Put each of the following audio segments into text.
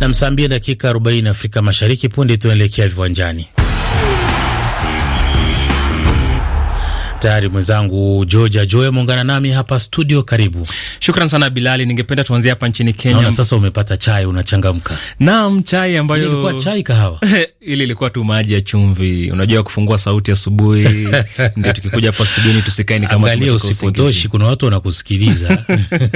na saa dakika 40 Afrika Mashariki. Punde tunaelekea viwanjani. tayari mwenzangu Georgia Joe ameungana nami hapa studio. Karibu. Shukran sana Bilali, ningependa tuanzie hapa nchini Kenya. Naona sasa umepata chai, unachangamka. Naam, chai ambayo ilikuwa chai kahawa ili ilikuwa tu maji ya chumvi. Unajua kufungua sauti asubuhi ndio tukikuja hapa studioni tusikae ni kama angalia, usipotoshi kuna watu wanakusikiliza.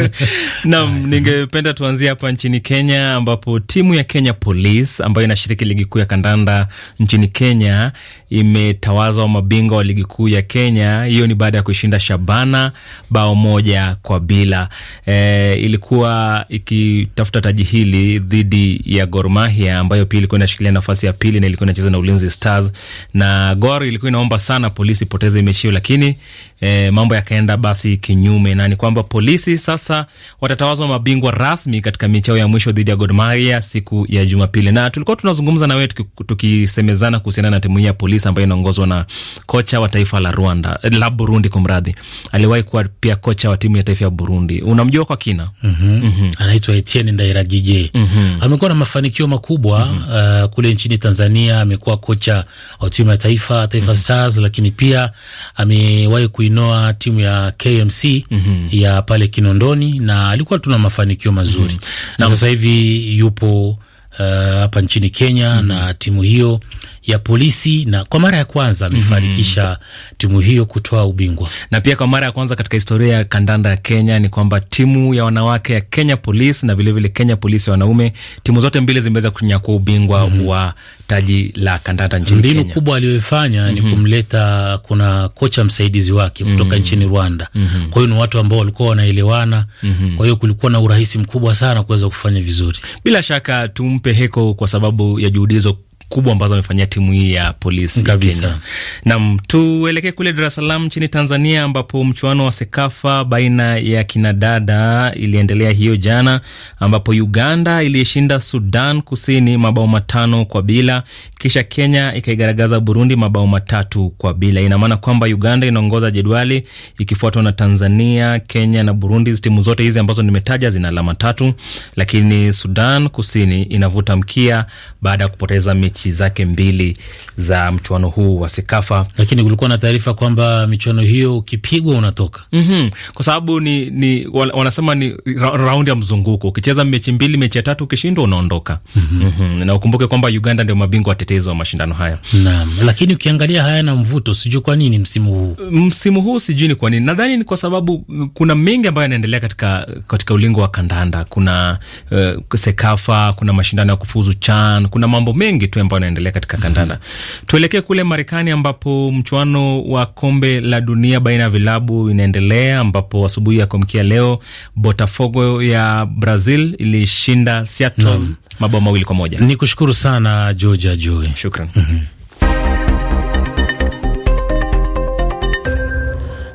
Naam, ningependa tuanzie hapa nchini Kenya ambapo timu ya Kenya Police ambayo inashiriki ligi kuu ya kandanda nchini Kenya imetawazwa mabingwa wa ligi kuu ya Kenya hiyo ni baada ya kuishinda Shabana bao moja kwa bila. E, ilikuwa ikitafuta taji hili dhidi ya Gor Mahia ambayo pia ilikuwa inashikilia nafasi ya pili na ilikuwa inacheza na Ulinzi Stars, na Gor ilikuwa inaomba sana polisi poteze mechi hiyo, lakini e, mambo yakaenda basi kinyume, na ni kwamba polisi sasa watatawazwa mabingwa rasmi katika michao ya mwisho dhidi ya Gor Mahia siku ya Jumapili. Na tulikuwa tunazungumza na wewe tukisemezana tuki kuhusiana na timu hii ya polisi ambayo inaongozwa na kocha wa taifa la Rwanda eh, la Burundi, kumradhi, aliwahi kuwa pia kocha wa timu ya taifa ya Burundi. Unamjua kwa kina? mm -hmm. mm -hmm. Anaitwa Etienne Ndairagije. mm -hmm. Amekuwa na mafanikio makubwa mm -hmm. uh, kule nchini Tanzania amekuwa kocha wa timu ya taifa Taifa mm -hmm. Stars, lakini pia amewahi kuinoa timu ya KMC mm -hmm. ya pale Kinondoni na alikuwa tuna mafanikio mazuri mm -hmm. na sasa hivi yupo eh, hapa uh, nchini Kenya mm -hmm. na timu hiyo ya polisi na kwa mara ya kwanza amefanikisha mm -hmm. timu hiyo kutoa ubingwa. Na pia kwa mara ya kwanza katika historia ya kandanda ya Kenya ni kwamba timu ya wanawake ya Kenya Police na vilevile Kenya Police ya wanaume, timu zote mbili zimeweza kunyakua ubingwa mm -hmm. wa taji la kandanda nchini Kenya. Mbinu kubwa aliyoifanya mm -hmm. ni mhm. kumleta, kuna kocha msaidizi wake kutoka mm -hmm. nchini Rwanda mm -hmm. kwa hiyo ni watu ambao walikuwa wanaelewana mm -hmm. kwa hiyo kulikuwa na urahisi mkubwa sana kuweza kufanya vizuri. Bila shaka tumpe heko kwa sababu ya juhudi hizo kubwa ambazo amefanyia timu hii ya polisi Kenya. Nam, tuelekee kule Dar es Salaam nchini Tanzania, ambapo mchuano wa Sekafa baina ya kinadada iliendelea hiyo jana, ambapo Uganda iliyeshinda Sudan Kusini mabao matano kwa bila, kisha Kenya ikaigaragaza Burundi mabao matatu kwa bila. Ina maana kwamba Uganda inaongoza jedwali ikifuatwa na Tanzania, Kenya na Burundi. Timu zote hizi ambazo nimetaja zina alama tatu, lakini Sudan Kusini inavuta mkia baada ya kupoteza mechi mechi zake mbili za mchuano huu wa Sekafa, lakini kulikuwa na taarifa kwamba michuano hiyo ukipigwa unatoka mm -hmm. kwa sababu ni, ni wanasema ni ra raundi ya mzunguko. Ukicheza mechi mbili, mechi ya tatu ukishindwa unaondoka mm -hmm. mm -hmm. na ukumbuke kwamba Uganda ndio mabingwa watetezi wa mashindano haya. Naam, lakini ukiangalia haya na mvuto, sijui kwa nini msimu huu msimu huu sijui ni kwa nini. Nadhani ni kwa sababu mm, kuna mengi ambayo yanaendelea katika, katika ulingo wa kandanda. Kuna uh, Sekafa, kuna mashindano ya kufuzu CHAN, kuna mambo mengi tu ambao yanaendelea katika kandanda. Tuelekee kule Marekani ambapo mchuano wa kombe la dunia baina ya vilabu inaendelea, ambapo asubuhi ya kuamkia leo Botafogo ya Brazil ilishinda Seattle -hmm. mabao mawili kwa moja. Ni kushukuru sana Georgia Joy, shukran. mm -hmm.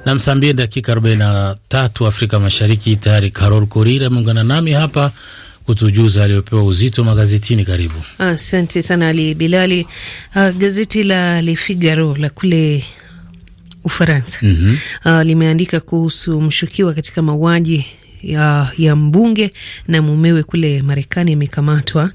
na saa mbili dakika 43 Afrika Mashariki. Tayari Carol Korira ameungana nami hapa kutujuza aliyopewa uzito magazetini. Karibu. Asante ah, sana Ali Bilali. Uh, gazeti la Le Figaro la kule Ufaransa mm -hmm. uh, limeandika kuhusu mshukiwa katika mauaji ya, ya mbunge na mumewe kule Marekani amekamatwa.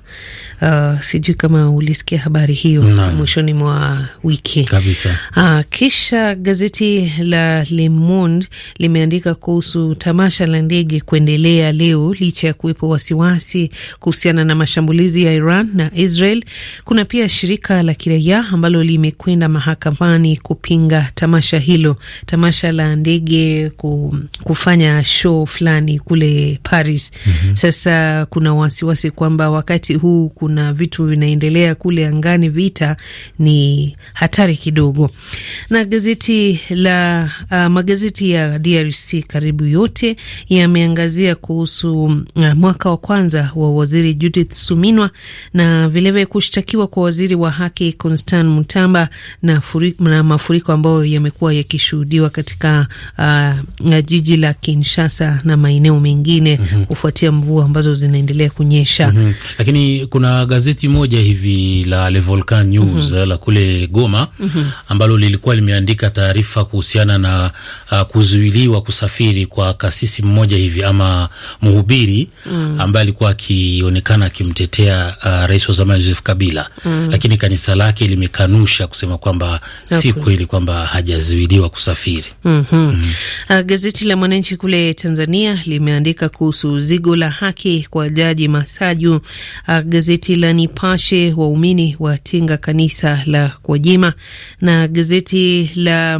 Uh, sijui kama ulisikia habari hiyo mwishoni mwa wiki kabisa. Uh, kisha gazeti la Le Monde limeandika kuhusu tamasha la ndege kuendelea leo licha ya kuwepo wasiwasi kuhusiana na mashambulizi ya Iran na Israel. Kuna pia shirika la kiraia ambalo limekwenda mahakamani kupinga tamasha hilo, tamasha la ndege kufanya show fulani Marekani kule Paris. mm -hmm. Sasa kuna wasiwasi kwamba wakati huu kuna vitu vinaendelea kule angani, vita ni hatari kidogo. Na gazeti la uh, magazeti ya DRC karibu yote yameangazia kuhusu uh, mwaka wa kwanza wa waziri Judith Suminwa na vilevile kushtakiwa kwa waziri wa haki Constant Mutamba na, na mafuriko ambayo yamekuwa yakishuhudiwa katika uh, jiji la Kinshasa na maeneo maeneo mengine mm -hmm. kufuatia mvua ambazo zinaendelea kunyesha mm -hmm. Lakini kuna gazeti moja hivi la Le Volcan News mm -hmm. la kule Goma mm -hmm. ambalo lilikuwa limeandika taarifa kuhusiana na uh, kuzuiliwa kusafiri kwa kasisi mmoja hivi ama mhubiri mm -hmm. ambaye alikuwa akionekana akimtetea uh, rais wa zamani Joseph Kabila mm -hmm. lakini kanisa lake limekanusha kusema kwamba okay. si kweli kwamba hajazuiliwa kusafiri mhm. mm -hmm. Mm -hmm. Uh, gazeti la Mwananchi kule Tanzania limeandika kuhusu zigo la haki kwa jaji Masaju. Gazeti la Nipashe, waumini watinga kanisa la Kwajima, na gazeti la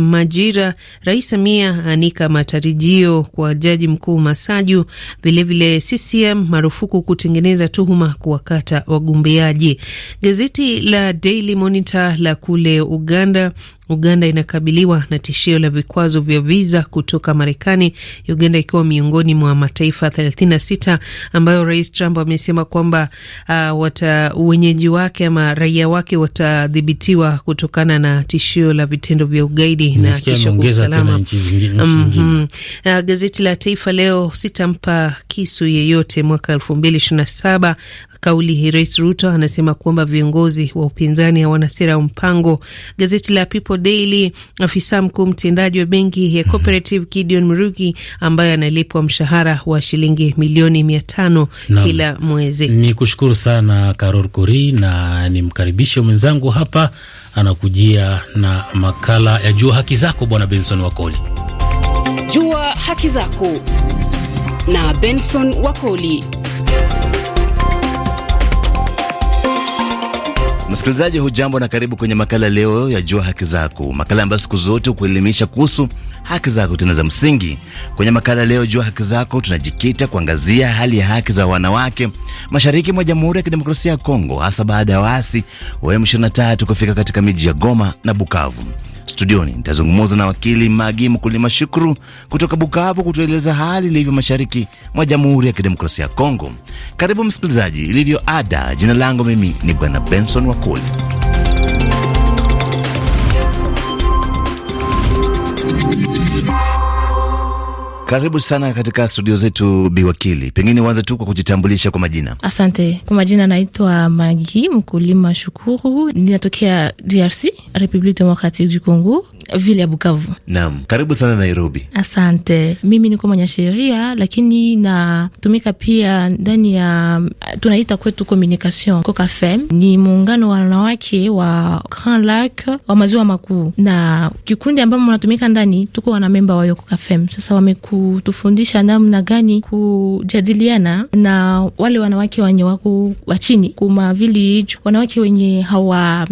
Majira, Rais Samia anika matarajio kwa jaji mkuu Masaju. Vilevile CCM marufuku kutengeneza tuhuma kuwakata wagombeaji. Gazeti la Daily Monitor la kule Uganda Uganda inakabiliwa na tishio la vikwazo vya viza kutoka Marekani, Uganda ikiwa miongoni mwa mataifa 36 ambayo Rais Trump amesema kwamba uh, wata wenyeji wake ama raia wake watadhibitiwa kutokana na tishio la vitendo vya ugaidi na tishio kwa usalama. Mm -hmm. Uh, gazeti la Taifa Leo, sitampa kisu yeyote mwaka 2027 kauli hii, Rais Ruto anasema kwamba viongozi wa upinzani hawana sera ya mpango. Gazeti la People Daily, afisa mkuu mtendaji wa benki ya Cooperative Gideon Mrugi ambaye analipwa mshahara wa shilingi milioni mia tano kila mwezi. Ni kushukuru sana Carol kuri na nimkaribishe mwenzangu hapa anakujia na makala ya Jua Haki Zako, Bwana Benson Wakoli. Jua Haki Zako na Benson Wakoli. Msikilizaji hujambo na karibu kwenye makala leo ya Jua Haki Zako, makala ambayo siku zote hukuelimisha kuhusu haki zako tena za msingi. Kwenye makala leo Jua Haki Zako tunajikita kuangazia hali ya haki za wanawake mashariki mwa Jamhuri ya Kidemokrasia ya Kongo, hasa baada ya waasi wa M23 kufika katika miji ya Goma na Bukavu. Studioni nitazungumza na wakili Magi Mkulima Shukuru kutoka Bukavu kutueleza hali ilivyo mashariki mwa Jamhuri ya Kidemokrasia ya Kongo. Karibu msikilizaji, ilivyo ada. Jina langu mimi ni Bwana Benson Wakoli. Karibu sana katika studio zetu Biwakili, pengine uanze tu kwa kujitambulisha kwa majina. Asante. Kwa majina naitwa Magi Mkulima Shukuru, ninatokea DRC, Republic Democratic du Congo vile ya Bukavu. Naam, karibu sana Nairobi. Asante. Mimi niko mwanasheria, lakini natumika pia ndani ya tunaita kwetu communication fm ni muungano wa wanawake wa Grand Lac wa maziwa makuu, na kikundi ambamo natumika ndani tuko wana memba wayo fm Sasa wamekutufundisha namna gani kujadiliana na wale wanawake wenye wako wa chini kuma village, wanawake wenye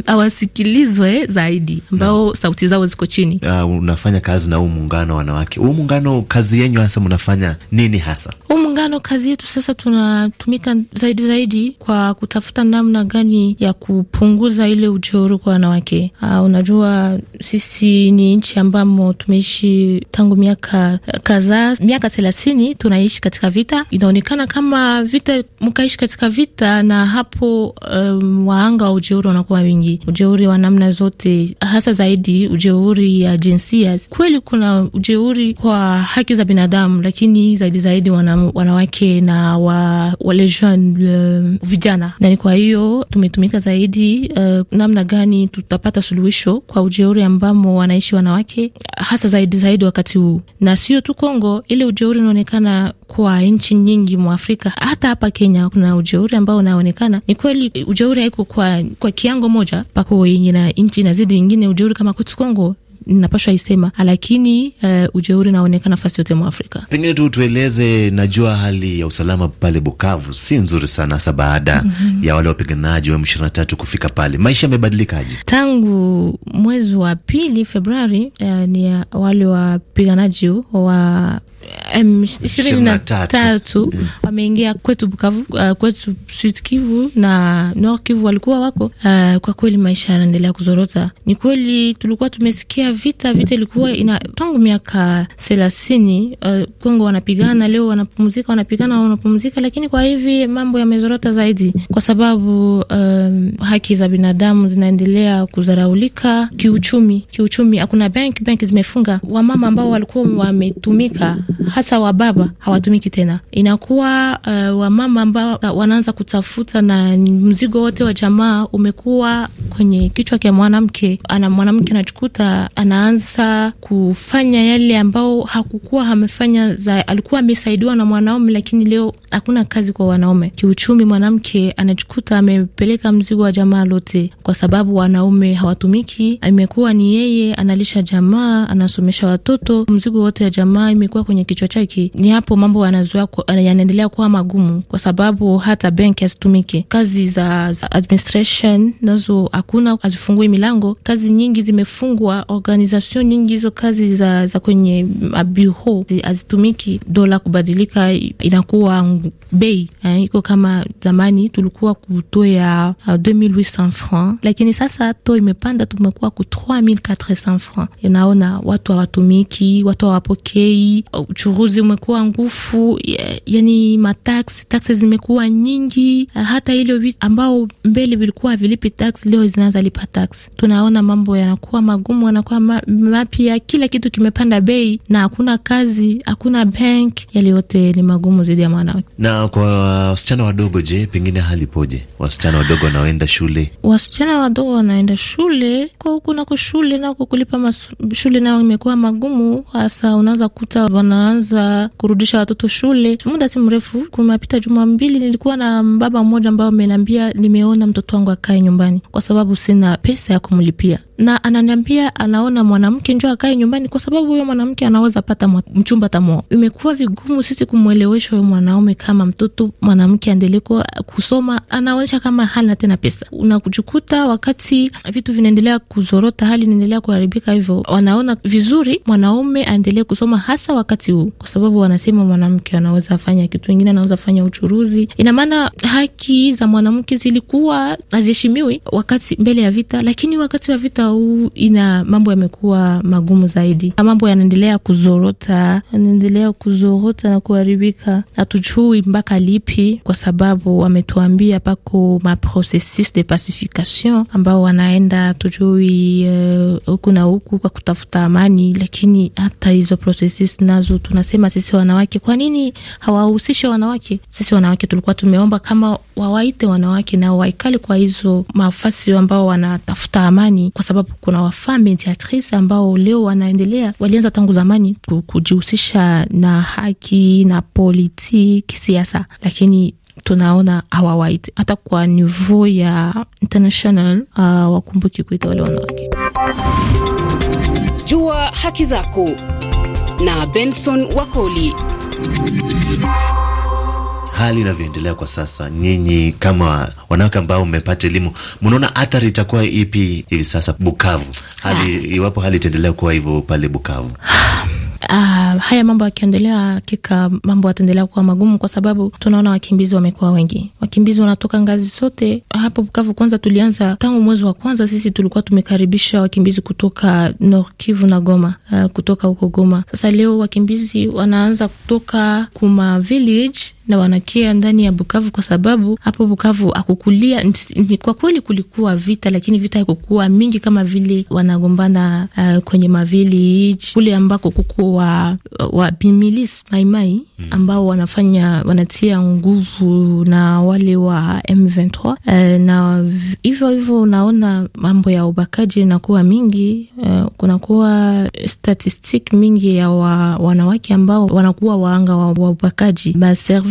hawasikilizwe hawa zaidi, ambao sauti zao ziko chini. Uh, unafanya kazi na huu muungano wanawake, huu muungano kazi yenyu hasa mnafanya nini hasa? Huu muungano kazi yetu sasa tunatumika zaidi zaidi kwa kutafuta namna gani ya kupunguza ile ujeuri kwa wanawake. Uh, unajua sisi ni nchi ambamo tumeishi tangu miaka kadhaa, miaka thelathini tunaishi katika vita. Inaonekana kama vita mkaishi katika vita, na hapo um, waanga wa ujeuri wanakuwa wingi, ujeuri wa namna zote, hasa zaidi ujeuri ujeuri ya jinsia. Kweli kuna ujeuri kwa haki za binadamu, lakini zaidi zaidi wanawake na wa, wale jeune vijana, na ni kwa hiyo tumetumika zaidi uh, namna gani tutapata suluhisho kwa ujeuri ambamo wanaishi wanawake, hasa zaidi zaidi wakati huu, na sio tu Kongo. Ile ujeuri unaonekana kwa nchi nyingi mwa Afrika, hata hapa Kenya kuna ujeuri ambao unaonekana. Ni kweli ujeuri haiko kwa, kwa kiango moja pako yenye na nchi zidi ingine. Ujeuri kama kwetu Kongo ninapashwa isema, lakini uh, ujeuri naonekana nafasi yote mwa Afrika. Pengine tu tueleze, najua hali ya usalama pale Bukavu si nzuri sana, hasa baada mm -hmm. ya wale wapiganaji wa M23 kufika pale. Maisha yamebadilikaje tangu mwezi wa pili Februari? Uh, ni wale wapiganaji wa Eh, mm, ishirini na tatu mm. wameingia kwetu Bukavu, uh, kwetu Sud Kivu na Nord Kivu walikuwa wako uh, kwa kweli maisha yanaendelea kuzorota. Ni kweli tulikuwa tumesikia vita, vita ilikuwa ina tangu miaka thelathini uh, Kongo wanapigana, leo wanapumzika, wanapigana, wanapumzika, lakini kwa hivi mambo yamezorota zaidi kwa sababu um, haki za binadamu zinaendelea kuzaraulika Kiuchumi, kiuchumi hakuna benki, benki zimefunga. Wamama ambao walikuwa wametumika hata baba hawatumiki tena. Inakuwa uh, wamama ambao uh, wanaanza kutafuta, na mzigo wote wa jamaa umekuwa kwenye kichwa cha mwanamke. Ana mwanamke anajikuta anaanza kufanya yale ambao hakukuwa amefanya, za alikuwa amesaidiwa na mwanaume, lakini leo hakuna kazi kwa wanaume. Kiuchumi, mwanamke anajikuta amepeleka mzigo wa jamaa lote, kwa sababu wanaume hawatumiki. Imekuwa ni yeye analisha jamaa, anasomesha watoto, mzigo wote wa jamaa imekuwa kwenye kwenye kichwa chake, ni hapo mambo yanazoea eh, yanaendelea kuwa magumu, kwa sababu hata benki hazitumiki, kazi za, za administration nazo hakuna, hazifungui milango, kazi nyingi zimefungwa, organization nyingi hizo kazi za, za kwenye mabureau hazitumiki, dola kubadilika inakuwa bei eh, iko kama zamani tulikuwa kutoya 2800 francs, lakini sasa to imepanda, tumekuwa ku 3400 francs. inaona watu hawatumiki, watu hawapokei, uchuruzi umekuwa ngufu, yani mataksi taksi zimekuwa nyingi, hata ile ambao mbele vilikuwa vilipi taksi leo zinaanza lipa taksi. Tunaona mambo yanakuwa magumu, yanakuwa mapya, kila kitu kimepanda bei na hakuna kazi, hakuna bank, yale yote ni magumu zaidi ya mwanawake. Na kwa wasichana wadogo, je, pengine hali poje? Wasichana wadogo wanaoenda shule, wasichana wadogo wanaenda shule, kwa huku nako shule nako kulipa shule nao imekuwa magumu, hasa unaanza kuta wana tunaanza kurudisha watoto shule. Muda si mrefu, kumepita juma mbili, nilikuwa na baba mmoja ambayo ameniambia nimeona mtoto wangu akae nyumbani kwa sababu sina pesa ya kumlipia na ananiambia anaona mwanamke njo akae nyumbani kwa sababu huyo mwanamke anaweza pata mchumba tamo Imekuwa vigumu sisi kumwelewesha huyo mwanaume kama mtoto mwanamke aendelee kusoma, anaonyesha kama hana tena pesa. Unakujukuta wakati vitu vinaendelea kuzorota, hali inaendelea kuharibika, hivyo wanaona vizuri mwanaume aendelee kusoma, hasa wakati ujuzi huu, kwa sababu wanasema mwanamke anaweza fanya kitu ingine, anaweza fanya uchuruzi. Ina maana haki za mwanamke zilikuwa haziheshimiwi wakati mbele ya vita, lakini wakati wa vita huu ina mambo yamekuwa magumu zaidi, mambo yanaendelea kuzorota, yanaendelea kuzorota na kuharibika, hatujui mpaka lipi, kwa sababu wametuambia pako processus de pacification ambao wanaenda tujui eh, huku uh, na huku kwa kutafuta amani, lakini hata hizo processus nazo tunasema sisi wanawake, kwa nini hawahusishi wanawake? Sisi wanawake tulikuwa tumeomba kama wawaite wanawake nao waikali kwa hizo mafasi ambao wanatafuta amani, kwa sababu kuna wafaa mediatrice ambao leo wanaendelea, walianza tangu zamani kujihusisha na haki na politiki, siasa, lakini tunaona hawawaiti hata kwa nivo ya international. Uh, wakumbuki kuita wale wanawake. Jua haki zako na Benson Wakoli. Hali inavyoendelea kwa sasa, nyinyi kama wanawake ambao mmepata elimu, mnaona athari itakuwa ipi hivi sasa Bukavu hali, ah. iwapo hali itaendelea kuwa hivyo pale Bukavu? Ah, Uh, haya mambo yakiendelea, hakika mambo yataendelea kuwa magumu, kwa sababu tunaona wakimbizi wamekuwa wengi, wakimbizi wanatoka ngazi zote. Hapo Bukavu kwanza, tulianza tangu mwezi wa kwanza, sisi tulikuwa tumekaribisha wakimbizi kutoka Nord Kivu na Goma, uh, kutoka huko Goma. Sasa leo wakimbizi wanaanza kutoka kuma village na wanakia ndani ya Bukavu kwa sababu hapo Bukavu akukulia. Kwa kweli kulikuwa vita, lakini vita haikukuwa mingi kama vile wanagombana uh, kwenye mavili kule ambako kuko wa, wa bimilis maimai hmm. ambao wanafanya wanatia nguvu na wale wa M23 uh, na hivyo hivyo unaona mambo ya ubakaji inakuwa mingi uh, kunakuwa statistik mingi ya wa, wanawake ambao wanakuwa waanga wa, wa ubakaji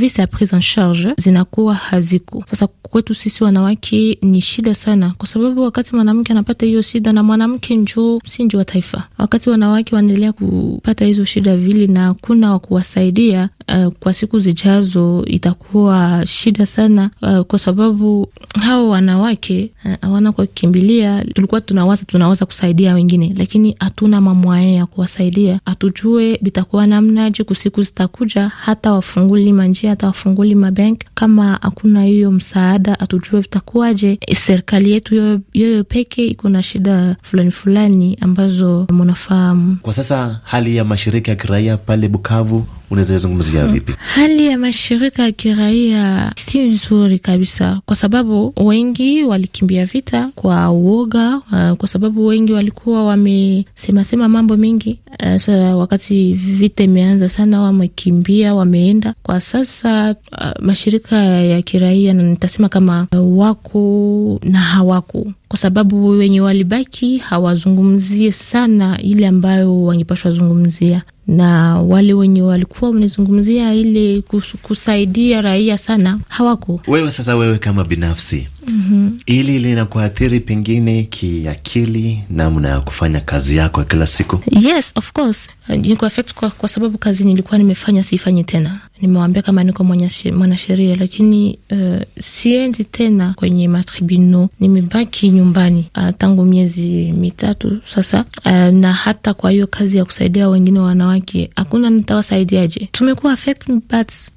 service ya prise en charge zinakuwa haziko. Sasa kwetu sisi wanawake ni shida sana, kwa sababu wakati mwanamke anapata hiyo shida, na mwanamke njoo si njoo wa taifa, wakati wanawake wanaendelea kupata hizo shida vile na kuna wakuwasaidia uh, kwa siku zijazo itakuwa shida sana uh, kwa sababu hao wanawake eh, hawana uh, kwa kukimbilia. Tulikuwa tunawaza tunaweza kusaidia wengine, lakini hatuna mamwae ya kuwasaidia. Hatujue vitakuwa namnaje kusiku zitakuja, hata wafunguli manjia, hata wafunguli mabank, kama hakuna hiyo msaada, hatujue vitakuwaje. Serikali yetu yoyo peke iko na shida fulani fulani ambazo mnafahamu. kwa sasa. Hali ya mashirika ya kiraia pale Bukavu unaweza zungumzia hmm. vipi? Hali ya mashirika ya kiraia si nzuri kabisa, kwa sababu wengi walikimbia vita kwa uoga, eh, kwa sababu wengi walikuwa wamesemasema mambo mengi. Sasa eh, wakati vita imeanza sana, wamekimbia wameenda. Kwa sasa eh, mashirika ya kiraia nitasema kama wako na hawako kwa sababu wenye walibaki hawazungumzie sana ile ambayo wangepashwa zungumzia na wale wenye walikuwa wanazungumzia ile kusaidia raia sana hawako. Wewe sasa, wewe kama binafsi mm -hmm. ili linakuathiri pengine kiakili, namna ya kufanya kazi yako kila siku? Yes, of course. Uh, ni ku kwa, kwa sababu kazi nilikuwa nimefanya siifanyi tena nimewambia kama niko mwanasheria, lakini uh, siendi tena kwenye matribuno, nimebaki nyumbani uh, tangu miezi mitatu sasa uh, na hata kwa hiyo kazi ya kusaidia wengine wanawake hakuna nitawasaidiaje? Tumekuwa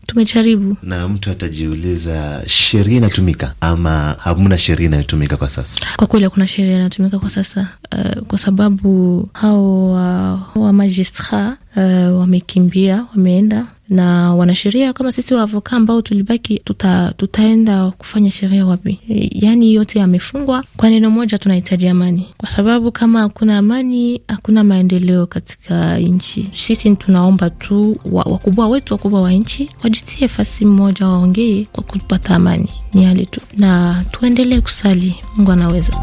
tumejaribu. Na mtu atajiuliza sheria inatumika ama hamna sheria inayotumika kwa sasa? Kwa kweli hakuna sheria inayotumika kwa sasa uh, kwa sababu hao uh, wa magistrat uh, wamekimbia wameenda na wanasheria kama sisi wavoka ambao tulibaki, tuta, tutaenda kufanya sheria wapi? Yaani yote yamefungwa. Kwa neno moja, tunahitaji amani, kwa sababu kama hakuna amani hakuna maendeleo katika nchi. Sisi tunaomba tu wakubwa wetu, wakubwa wa nchi wajitie fasi mmoja, waongee kwa kupata amani, ni hali tu, na tuendelee kusali. Mungu anaweza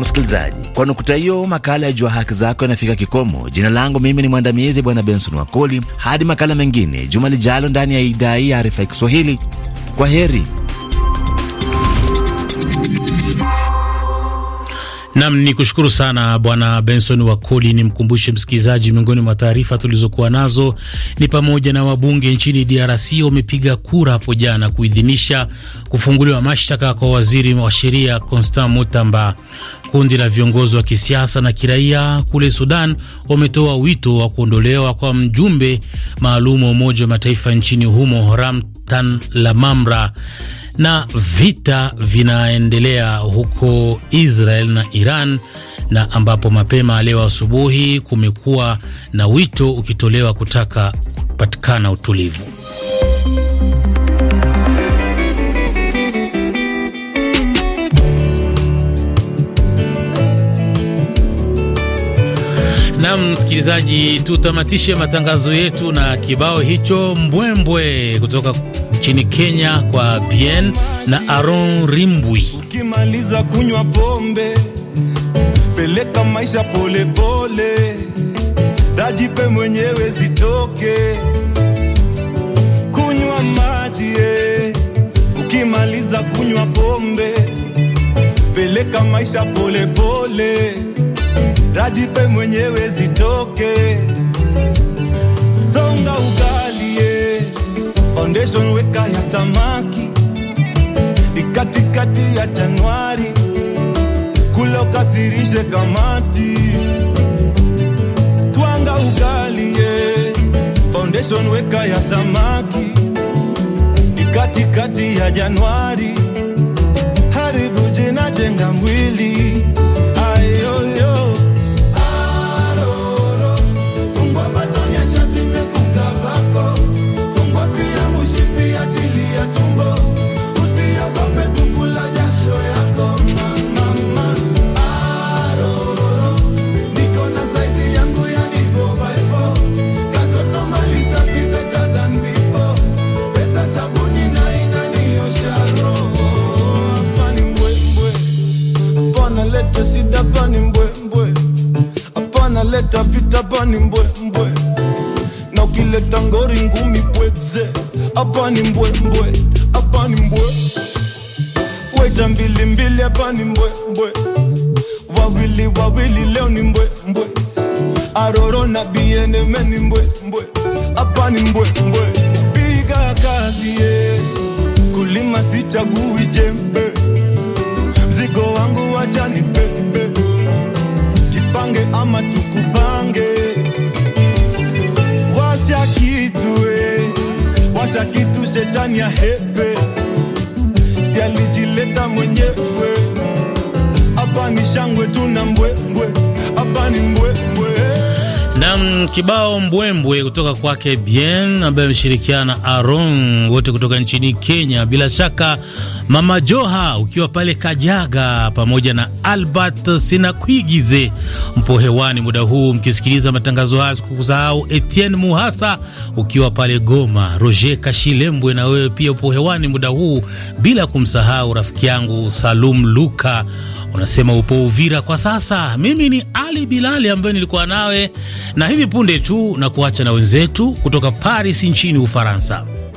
msikilizaji. Kwa nukta hiyo, makala ya Jua Haki Zako yanafika kikomo. Jina langu mimi ni mwandamizi Bwana Benson Wakoli. Hadi makala mengine juma lijalo ndani ya idhaa hii ya Arifa Kiswahili, kwa heri. Nam ni kushukuru sana Bwana Benson Wakoli. Ni mkumbushe msikilizaji, miongoni mwa taarifa tulizokuwa nazo ni pamoja na wabunge nchini DRC wamepiga kura hapo jana kuidhinisha kufunguliwa mashtaka kwa waziri wa sheria Constant Mutamba. Kundi la viongozi wa kisiasa na kiraia kule Sudan wametoa wito wa kuondolewa kwa mjumbe maalum wa Umoja wa Mataifa nchini humo Ramtan Lamamra na vita vinaendelea huko Israel na Iran na ambapo mapema leo asubuhi kumekuwa na wito ukitolewa kutaka kupatikana utulivu. Na msikilizaji, tutamatishe matangazo yetu na kibao hicho mbwembwe kutoka nchini Kenya kwa Bien na Aron Rimbwi. Ukimaliza kunywa pombe, peleka maisha polepole, dajipe mwenyewe zitoke, kunywa maji. Ukimaliza kunywa pombe, peleka maisha polepole, dajipe mwenyewe zitoke, songa ugali foundation weka ya samaki ikatikati ya Januari kule ukasirishe kamati twanga ugali ye foundation weka ya samaki ikatikati ya Januari haribu jina jenga mwili hapa ni mbwe mbwe, hapa ni mbwe. Weta mbili mbili, hapa ni mbwe mbwe. Wawili wawili, leo ni mbwe mbwe. Aroro na BNM ni mbwe mbwe, hapa ni mbwe mbwe. Piga kazi ye, kulima sitagui jembe. Mzigo wangu wacha nibebe, jipange ama tukupange, kitu kila kitu shetani ya hepe, si alijileta mwenyewe. Hapa ni shangwe tu na mbwembwe, hapa ni mbwembwe Nam kibao mbwembwe kutoka kwake Bien ambaye ameshirikiana na Aron wote kutoka nchini Kenya. Bila shaka Mama Joha ukiwa pale Kajaga pamoja na Albert Sinakwigize mpo hewani muda huu mkisikiliza matangazo haya, sikukusahau Etienne Muhasa ukiwa pale Goma, Roger Kashilembwe na wewe pia upo hewani muda huu, bila kumsahau rafiki yangu Salum Luka unasema upo Uvira kwa sasa. Mimi ni Ali Bilali ambaye nilikuwa nawe na hivi punde tu na kuacha na wenzetu kutoka Paris nchini Ufaransa.